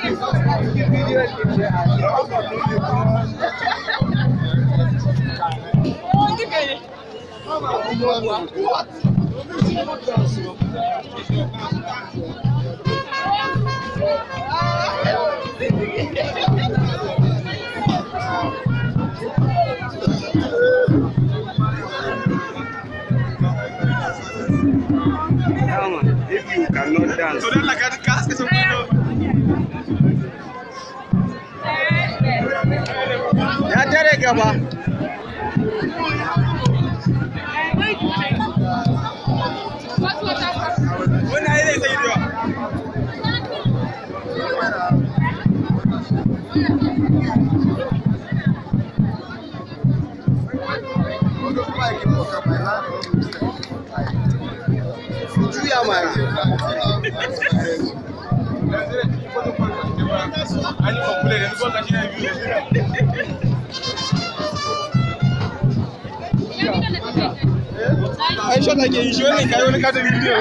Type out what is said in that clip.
¿Qué If you cannot dance. Ya tare Ani mo kule de, mi ko ka ṣe ẹ̀yìn. Aisha take yi shi wannan kayi wani katon bidiyo.